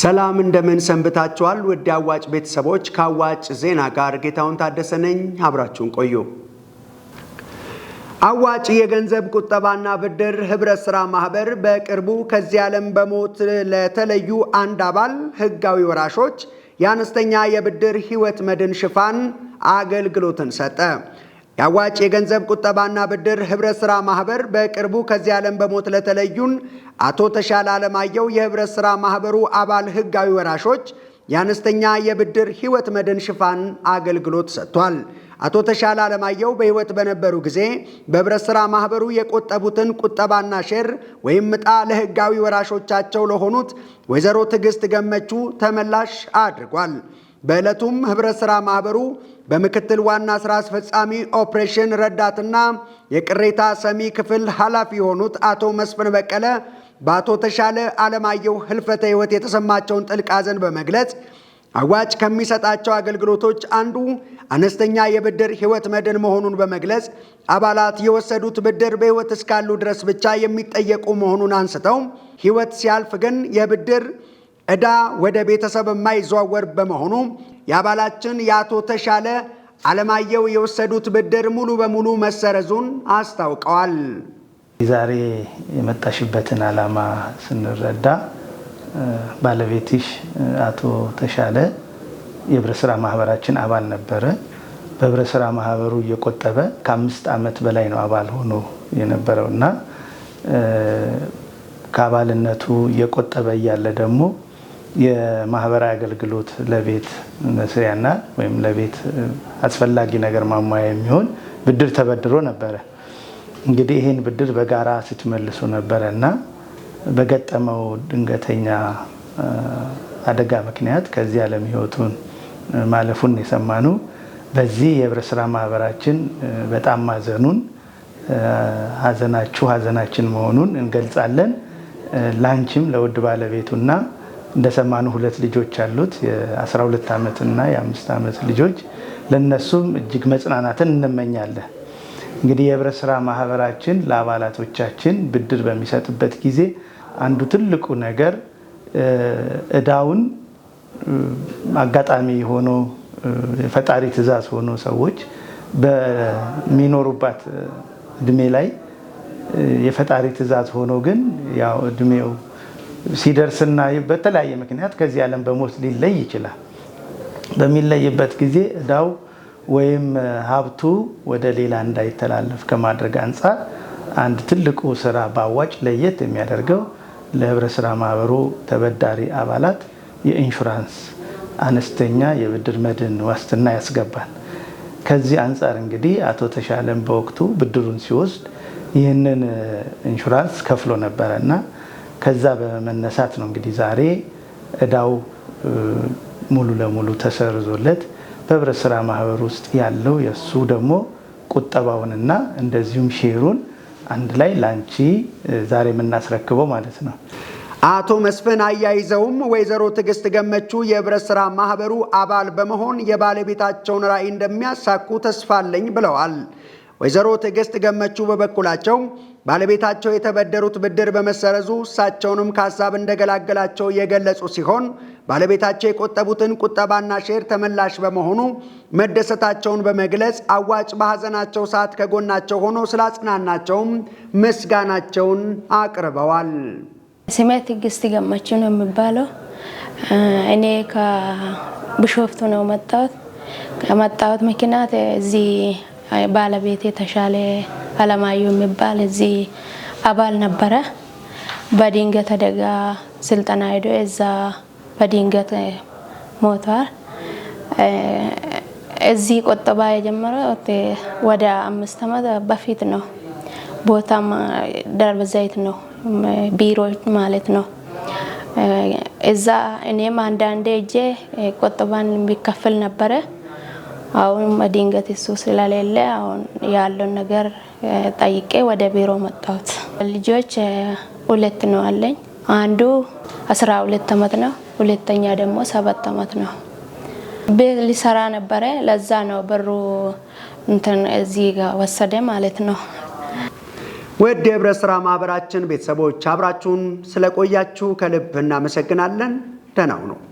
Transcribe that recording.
ሰላም እንደምን ሰንብታችኋል? ውድ አዋጭ ቤተሰቦች፣ ከአዋጭ ዜና ጋር ጌታውን ታደሰ ነኝ። አብራችሁን ቆዩ። አዋጭ የገንዘብ ቁጠባና ብድር ህብረት ስራ ማህበር በቅርቡ ከዚህ ዓለም በሞት ለተለዩ አንድ አባል ህጋዊ ወራሾች የአነስተኛ የብድር ህይወት መድን ሽፋን አገልግሎትን ሰጠ። የአዋጭ የገንዘብ ቁጠባና ብድር ህብረት ሥራ ማኅበር በቅርቡ ከዚህ ዓለም በሞት ለተለዩን አቶ ተሻለ አለማየሁ የህብረት ሥራ ማኅበሩ አባል ህጋዊ ወራሾች የአነስተኛ የብድር ህይወት መድን ሽፋን አገልግሎት ሰጥቷል። አቶ ተሻለ አለማየሁ በህይወት በነበሩ ጊዜ በህብረት ሥራ ማኅበሩ የቆጠቡትን ቁጠባና ሼር ወይም ዕጣ ለህጋዊ ወራሾቻቸው ለሆኑት ወይዘሮ ትዕግስት ገመቹ ተመላሽ አድርጓል። በዕለቱም ህብረት ሥራ ማኅበሩ በምክትል ዋና ሥራ አስፈጻሚ ኦፕሬሽን ረዳትና የቅሬታ ሰሚ ክፍል ኃላፊ የሆኑት አቶ መስፍን በቀለ በአቶ ተሻለ አለማየሁ ህልፈተ ሕይወት የተሰማቸውን ጥልቅ ሐዘን በመግለጽ አዋጭ ከሚሰጣቸው አገልግሎቶች አንዱ አነስተኛ የብድር ሕይወት መድን መሆኑን በመግለጽ አባላት የወሰዱት ብድር በሕይወት እስካሉ ድረስ ብቻ የሚጠየቁ መሆኑን አንስተው ሕይወት ሲያልፍ ግን የብድር ዕዳ ወደ ቤተሰብ የማይዘዋወር በመሆኑ የአባላችን የአቶ ተሻለ አለማየሁ የወሰዱት ብድር ሙሉ በሙሉ መሰረዙን አስታውቀዋል። ዛሬ የመጣሽበትን ዓላማ ስንረዳ ባለቤትሽ አቶ ተሻለ የህብረት ስራ ማህበራችን አባል ነበረ። በህብረት ስራ ማህበሩ እየቆጠበ ከአምስት ዓመት በላይ ነው አባል ሆኖ የነበረው እና ከአባልነቱ እየቆጠበ እያለ ደግሞ የማህበራዊ አገልግሎት ለቤት መስሪያና ወይም ለቤት አስፈላጊ ነገር ማሟያ የሚሆን ብድር ተበድሮ ነበረ። እንግዲህ ይህን ብድር በጋራ ስትመልሱ ነበረ እና በገጠመው ድንገተኛ አደጋ ምክንያት ከዚህ ዓለም ህይወቱን ማለፉን የሰማነው በዚህ የህብረት ስራ ማህበራችን በጣም ማዘኑን ሀዘናችሁ ሀዘናችን መሆኑን እንገልጻለን። ላንቺም ለውድ ባለቤቱና እንደሰማኑ ሁለት ልጆች አሉት የ12 እና የአምስት ዓመት ልጆች። ለነሱም እጅግ መጽናናትን እንመኛለን። እንግዲህ የህብረት ስራ ማህበራችን ለአባላቶቻችን ብድር በሚሰጥበት ጊዜ አንዱ ትልቁ ነገር እዳውን አጋጣሚ ሆኖ የፈጣሪ ትእዛዝ ሆኖ ሰዎች በሚኖሩባት እድሜ ላይ የፈጣሪ ትእዛዝ ሆኖ ግን ያው እድሜው ሲደርስና በተለያየ ምክንያት ከዚህ ዓለም በሞት ሊለይ ይችላል። በሚለይበት ጊዜ እዳው ወይም ሀብቱ ወደ ሌላ እንዳይተላለፍ ከማድረግ አንጻር አንድ ትልቁ ስራ በአዋጭ ለየት የሚያደርገው ለህብረ ስራ ማህበሩ ተበዳሪ አባላት የኢንሹራንስ አነስተኛ የብድር መድን ዋስትና ያስገባል። ከዚህ አንጻር እንግዲህ አቶ ተሻለም በወቅቱ ብድሩን ሲወስድ ይህንን ኢንሹራንስ ከፍሎ ነበረ እና ከዛ በመነሳት ነው እንግዲህ ዛሬ እዳው ሙሉ ለሙሉ ተሰርዞለት በህብረት ስራ ማህበር ውስጥ ያለው የእሱ ደግሞ ቁጠባውንና እንደዚሁም ሼሩን አንድ ላይ ላንቺ ዛሬ የምናስረክበው ማለት ነው። አቶ መስፍን አያይዘውም ወይዘሮ ትዕግስት ገመቹ የህብረት ስራ ማህበሩ አባል በመሆን የባለቤታቸውን ራዕይ እንደሚያሳኩ ተስፋ አለኝ ብለዋል። ወይዘሮ ትዕግስት ገመቹ በበኩላቸው ባለቤታቸው የተበደሩት ብድር በመሰረዙ እሳቸውንም ከሀሳብ እንደገላገላቸው የገለጹ ሲሆን ባለቤታቸው የቆጠቡትን ቁጠባና ሼር ተመላሽ በመሆኑ መደሰታቸውን በመግለጽ አዋጭ በሐዘናቸው ሰዓት ከጎናቸው ሆኖ ስላጽናናቸውም ምስጋናቸውን አቅርበዋል። ስሜ ትዕግስት ገመቹ ነው የሚባለው። እኔ ከብሾፍቱ ነው መጣሁት። ከመጣሁት ምክንያት እዚህ ባለቤቴ ተሻለ አለማየሁ የሚባል እዚህ አባል ነበረ። በድንገት አደጋ ስልጠና ሄዶ እዛ በድንገት ሞቷል። እዚህ ቆጠባ የጀመረው ወደ አምስት ዓመት በፊት ነው። ቦታም ደርብ ዘይት ነው፣ ቢሮ ማለት ነው። እዛ እኔም አንዳንዴ እጄ ቆጠባን የሚከፍል ነበረ። አሁን ድንገት እሱ ስለሌለ አሁን ያለውን ነገር ጠይቄ ወደ ቢሮ መጣሁት። ልጆች ሁለት ነው አለኝ። አንዱ አስራ ሁለት አመት ነው፣ ሁለተኛ ደግሞ ሰባት አመት ነው። ቤት ሊሰራ ነበረ። ለዛ ነው ብሩ እንትን እዚህ ጋር ወሰደ ማለት ነው። ወደ ህብረ ስራ ማህበራችን ቤተሰቦች አብራችሁን ስለቆያችሁ ከልብ እናመሰግናለን። ደህና ነው።